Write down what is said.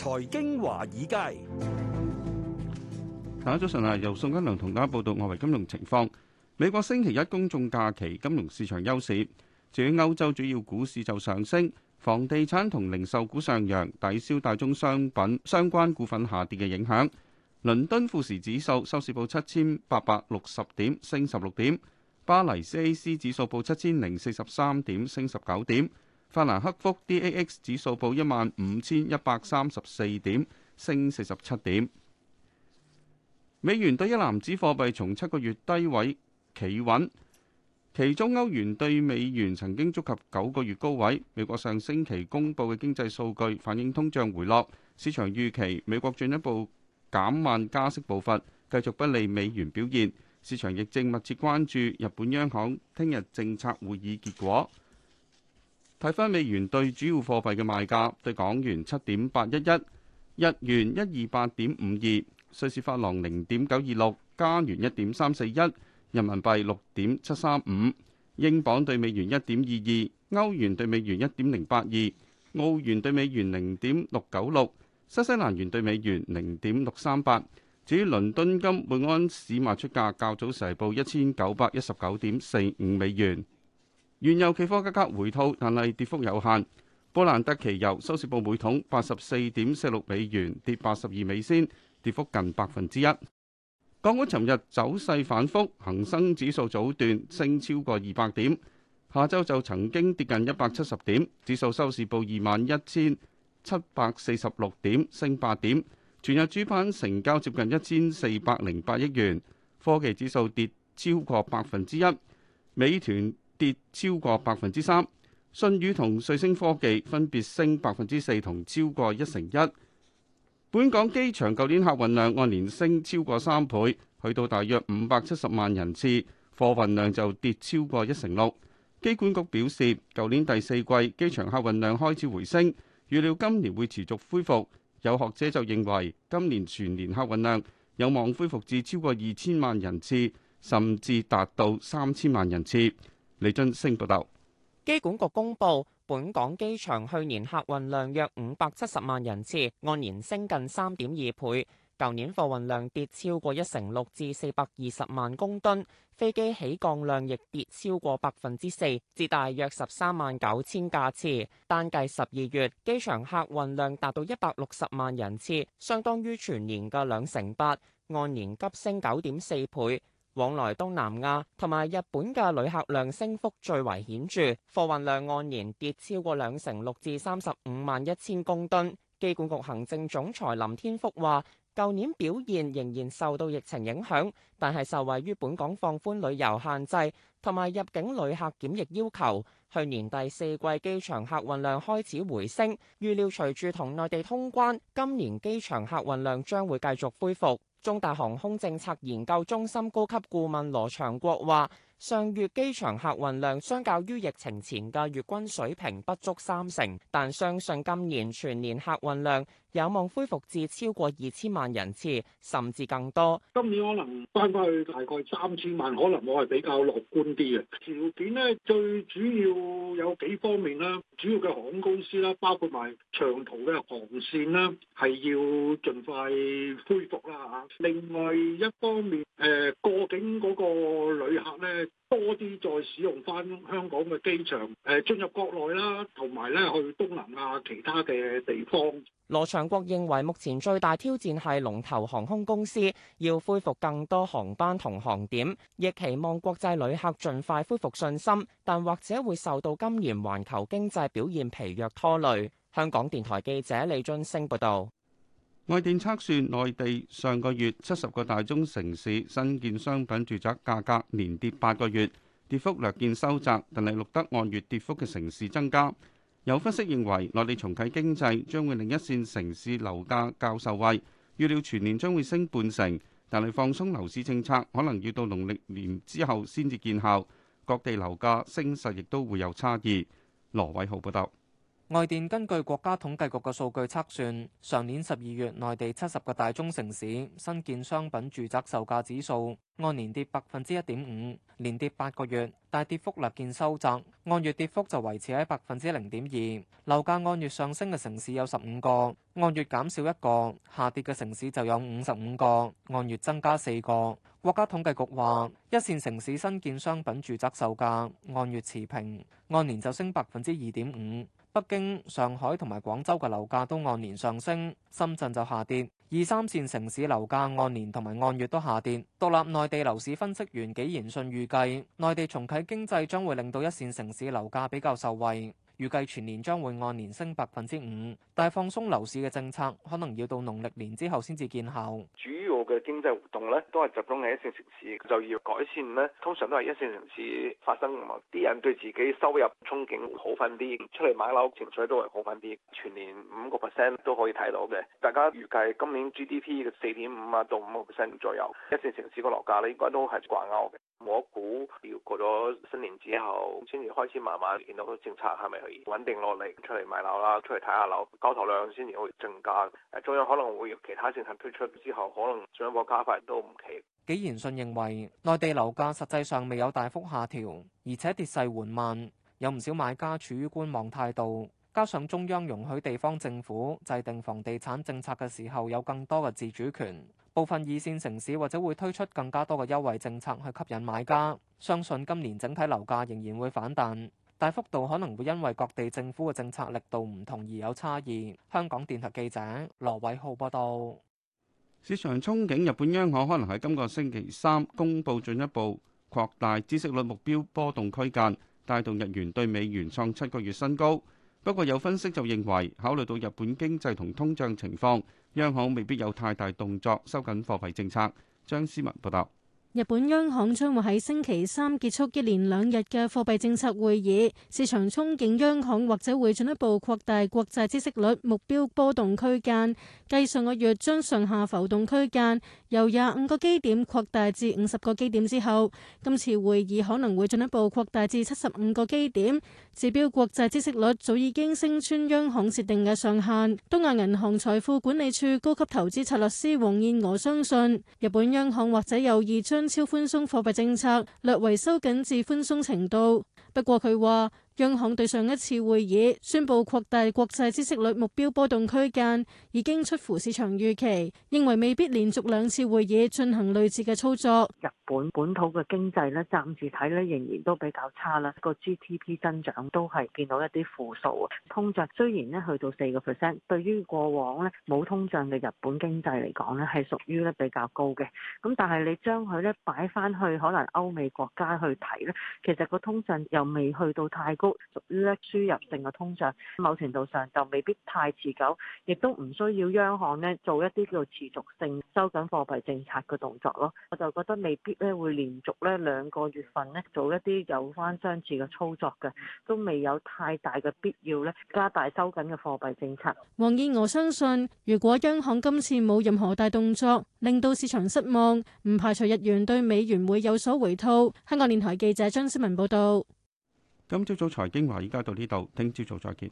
財經華爾街，大家早晨啊！由宋君良同大家報道外圍金融情況。美國星期一公眾假期，金融市場休市。至於歐洲主要股市就上升，房地產同零售股上揚，抵消大宗商品相關股份下跌嘅影響。倫敦富時指數收市報七千八百六十點，升十六點；巴黎 CAC 指數報七千零四十三點，升十九點。法蘭克福 DAX 指數報一萬五千一百三十四點，升四十七點。美元對一籃子貨幣從七個月低位企穩，其中歐元對美元曾經觸及九個月高位。美國上星期公布嘅經濟數據反映通脹回落，市場預期美國進一步減慢加息步伐，繼續不利美元表現。市場亦正密切關注日本央行聽日政策會議結果。睇翻美元對主要貨幣嘅賣價，對港元七點八一一，日元一二八點五二，瑞士法郎零點九二六，加元一點三四一，人民幣六點七三五，英鎊對美元一點二二，歐元對美元一點零八二，澳元對美元零點六九六，新西蘭元對美元零點六三八。至於倫敦金每安士賣出價較早時報一千九百一十九點四五美元。原油期貨價格回吐，但係跌幅有限。布蘭特期油收市報每桶八十四點四六美元，跌八十二美仙，跌幅近百分之一。港股尋日走勢反覆，恒生指數早段升超過二百點，下周就曾經跌近一百七十點，指數收市報二萬一千七百四十六點，升八點。全日主板成交接近一千四百零八億元，科技指數跌超過百分之一，美團。跌超過百分之三，信宇同瑞星科技分別升百分之四同超過一成一。本港機場舊年客運量按年升超過三倍，去到大約五百七十萬人次，貨運量就跌超過一成六。機管局表示，舊年第四季機場客運量開始回升，預料今年會持續恢復。有學者就認為，今年全年客運量有望恢復至超過二千萬人次，甚至達到三千萬人次。李俊升報道，機管局公布本港機場去年客運量約五百七十萬人次，按年升近三點二倍。舊年貨運量跌超過一成六，至四百二十萬公噸，飛機起降量亦跌超過百分之四，至大約十三萬九千架次。單計十二月，機場客運量達到一百六十萬人次，相當於全年嘅兩成八，按年急升九點四倍。往來東南亞同埋日本嘅旅客量升幅最為顯著，貨運量按年跌超過兩成六至三十五萬一千公噸。機管局行政總裁林天福話，舊年表現仍然受到疫情影響，但係受惠於本港放寬旅遊限制同埋入境旅客檢疫要求，去年第四季機場客運量開始回升。預料隨住同內地通關，今年機場客運量將會繼續恢復。中大航空政策研究中心高級顧問羅祥國話，上月機場客運量相較於疫情前嘅月均水平不足三成，但相信今年全年客運量有望恢復至超過二千萬人次，甚至更多。今年可能翻翻去大概三千萬，可能我係比較樂觀啲嘅。條件咧，最主要有幾方面啦。嘅航空公司啦，包括埋長途嘅航線啦，係要盡快恢復啦嚇。另外一方面，誒過境嗰個旅客咧，多啲再使用翻香港嘅機場，誒進入國內啦，同埋咧去東南亞其他嘅地方。羅祥國認為，目前最大挑戰係龍頭航空公司要恢復更多航班同航點，亦期望國際旅客盡快恢復信心，但或者會受到今年環球經濟表現疲弱拖累。香港電台記者李俊星報道。外電測算，內地上個月七十個大中城市新建商品住宅價格連跌八個月，跌幅略見收窄，但係錄得按月跌幅嘅城市增加。有分析認為，內地重啟經濟將會令一線城市樓價較受惠，預料全年將會升半成。但係放鬆樓市政策可能要到農曆年之後先至見效，各地樓價升勢亦都會有差異。羅偉浩報道。外電根據國家統計局嘅數據測算，上年十二月內地七十個大中城市新建商品住宅售價指數按年跌百分之一點五，連跌八個月，但跌幅略見收窄，按月跌幅就維持喺百分之零點二。樓價按月上升嘅城市有十五個，按月減少一個，下跌嘅城市就有五十五個，按月增加四個。國家統計局話，一線城市新建商品住宅售價按月持平，按年就升百分之二點五。北京、上海同埋廣州嘅樓價都按年上升，深圳就下跌。二三線城市樓價按年同埋按月都下跌。獨立內地樓市分析員紀言信預計，內地重啟經濟將會令到一線城市樓價比較受惠。預計全年將會按年升百分之五，但係放鬆樓市嘅政策可能要到農曆年之後先至見效。主要嘅經濟活動咧，都係集中喺一線城市，就要改善咧。通常都係一線城市發生㗎嘛，啲人對自己收入憧憬好瞓啲，出嚟買樓情緒都係好瞓啲。全年五個 percent 都可以睇到嘅，大家預計今年 GDP 嘅四點五啊到五個 percent 左右，一線城市個樓價咧應該都係掛鈎嘅。我估要過咗新年之後先至開始慢慢見到個政策係咪可以穩定落嚟，出嚟買樓啦，出嚟睇下樓交投量先至會增加。誒，中央可能會有其他政策推出之後可能進一步加快都唔奇。紀賢信認為，內地樓價實際上未有大幅下調，而且跌勢緩慢，有唔少買家處於觀望態度。加上中央容許地方政府制定房地產政策嘅時候有更多嘅自主權，部分二線城市或者會推出更加多嘅優惠政策去吸引買家。相信今年整體樓價仍然會反彈，但幅度可能會因為各地政府嘅政策力度唔同而有差異。香港電台記者羅偉浩報道。市場憧憬日本央行可能喺今個星期三公布進一步擴大孳息率目標波動區間，帶動日元兌美元創七個月新高。不過有分析就認為，考慮到日本經濟同通脹情況，央行未必有太大動作收緊貨幣政策。張思文報道。日本央行將會喺星期三結束一連兩日嘅貨幣政策會議，市場憧憬央行或者會進一步擴大國債息率目標波動區間。繼上個月將上下浮動區間由廿五個基點擴大至五十個基點之後，今次會議可能會進一步擴大至七十五個基點。指標國債息率早已經升穿央行設定嘅上限。東亞銀行財富管理處高級投資策略師黃燕娥相信，日本央行或者有意將超寬鬆貨幣政策，略為收緊至寬鬆程度，不過佢話，央行對上一次會議宣布擴大國債息率目標波動區間，已經出乎市場預期，認為未必連續兩次會議進行類似嘅操作。日本本土嘅經濟咧，暫時睇咧仍然都比較差啦，個 GDP 增長都係見到一啲負數啊。通脹雖然咧去到四個 percent，對於過往咧冇通脹嘅日本經濟嚟講咧，係屬於咧比較高嘅。咁但係你將佢咧擺翻去可能歐美國家去睇咧，其實個通脹又未去到太高。屬於咧輸入性嘅通脹，某程度上就未必太持久，亦都唔需要央行咧做一啲叫做持續性收緊貨幣政策嘅動作咯。我就覺得未必咧會連續咧兩個月份咧做一啲有關相似嘅操作嘅，都未有太大嘅必要咧加大收緊嘅貨幣政策。黃燕娥相信，如果央行今次冇任何大動作，令到市場失望，唔排除日元對美元會有所回吐。香港電台記者張思文報道。今朝早財經話，而家到呢度，聽朝早再見。